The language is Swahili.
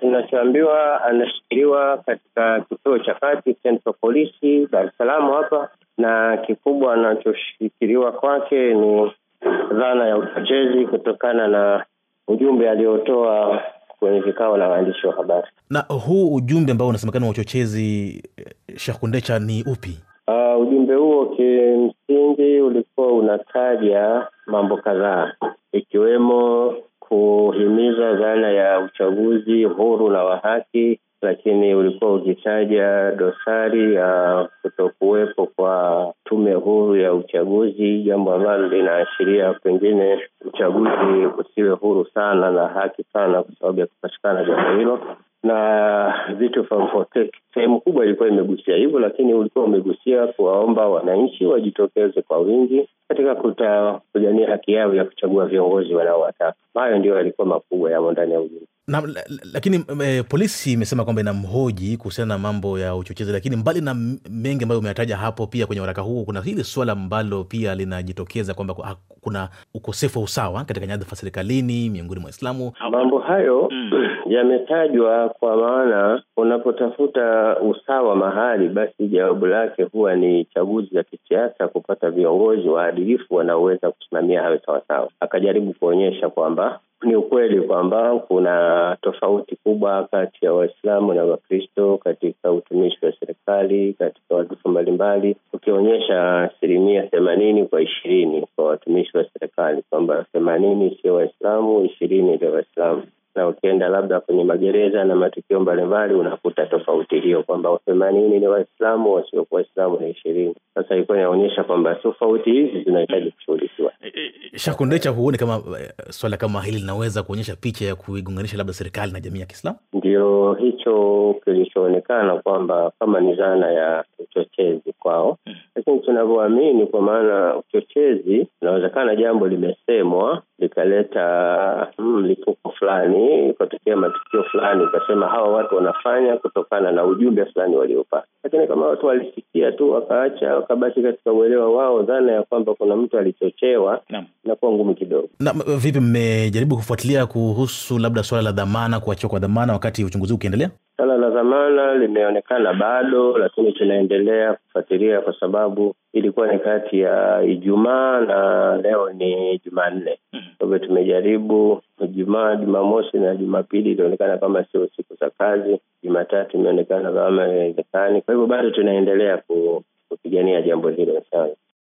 tunachoambiwa anashikiliwa katika kituo cha kati Central Polisi Dar es Salaam hapa, na kikubwa anachoshikiliwa kwake ni dhana ya uchochezi kutokana na ujumbe aliotoa kwenye vikao na waandishi wa habari. Na huu ujumbe ambao unasemekana wa uchochezi, eh, Shakundecha, ni upi? Uh, ujumbe huo kimsingi ulikuwa unataja mambo kadhaa ikiwemo kuhimiza dhana ya uchaguzi huru na wa haki, lakini ulikuwa ukitaja dosari ya ah, kutokuwepo kwa tume huru ya uchaguzi, jambo ambalo linaashiria pengine uchaguzi usiwe huru sana na haki sana, kwa sababu ya kupatikana jambo hilo na vitu tofauti. Sehemu kubwa ilikuwa imegusia hivyo, lakini ulikuwa umegusia kuwaomba wananchi wajitokeze kwa wingi katika kupigania haki yao ya kuchagua viongozi wanaowataka. Hayo ndio yalikuwa makubwa yamo ndani ya ujumbe na, lakini e, polisi imesema kwamba inamhoji kuhusiana na mambo ya uchochezi, lakini mbali na mengi ambayo umeyataja hapo, pia kwenye waraka huu kuna hili swala ambalo pia linajitokeza kwamba kuna ukosefu wa usawa katika nyadhifa serikalini miongoni mwa Waislamu. Mambo hayo mm, yametajwa kwa maana, unapotafuta usawa mahali, basi jawabu lake huwa ni chaguzi za kisiasa, kupata viongozi waadilifu wanaoweza kusimamia hayo sawasawa. Akajaribu kuonyesha kwamba ni ukweli kwamba kuna tofauti kubwa kati ya Waislamu na Wakristo katika utumishi wa serikali katika wadhifa mbalimbali, ukionyesha asilimia themanini kwa ishirini kwa watumishi wa serikali, kwamba themanini sio Waislamu, ishirini ndio Waislamu na ukienda labda kwenye magereza na matukio mbalimbali unakuta tofauti hiyo kwamba themanini ni Waislamu, wasiokuwa Waislamu ni ishirini. Sasa ilikuwa inaonyesha kwamba tofauti hizi zinahitaji kushughulikiwa. Shakundecha, huoni kama eh, swala kama hili linaweza kuonyesha picha ya kuigunganisha labda serikali na jamii ya Kiislamu? Ndio hicho kilichoonekana kwamba kama ni dhana ya uchochezi kwao, hmm. lakini tunavyoamini, kwa maana uchochezi, inawezekana jambo limesemwa likaleta mlipuko hmm, mm, fulani, ikatokea matukio fulani, ukasema hawa watu wanafanya kutokana na ujumbe fulani waliopata. Lakini kama watu walisikia tu wakaacha, wakabaki katika uelewa wao, dhana ya kwamba kuna mtu alichochewa, inakuwa ngumu kidogo. Na vipi, mmejaribu kufuatilia kuhusu labda suala la dhamana, kuachiwa kwa dhamana wakati uchunguzi ukiendelea? sala la dhamana limeonekana bado, lakini tunaendelea kufuatilia kwa sababu ilikuwa ni kati ya Ijumaa na leo ni Jumanne. Mm-hmm. Kwa hivyo tumejaribu Jumaa, Jumamosi na Jumapili ilionekana kama sio siku za kazi. Jumatatu imeonekana kama haiwezekani. Kwa hivyo bado tunaendelea kupigania jambo hilo sana.